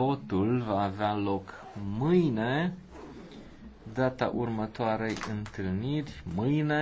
Votul va avea loc mâine, data următoarei întâlniri, mâine.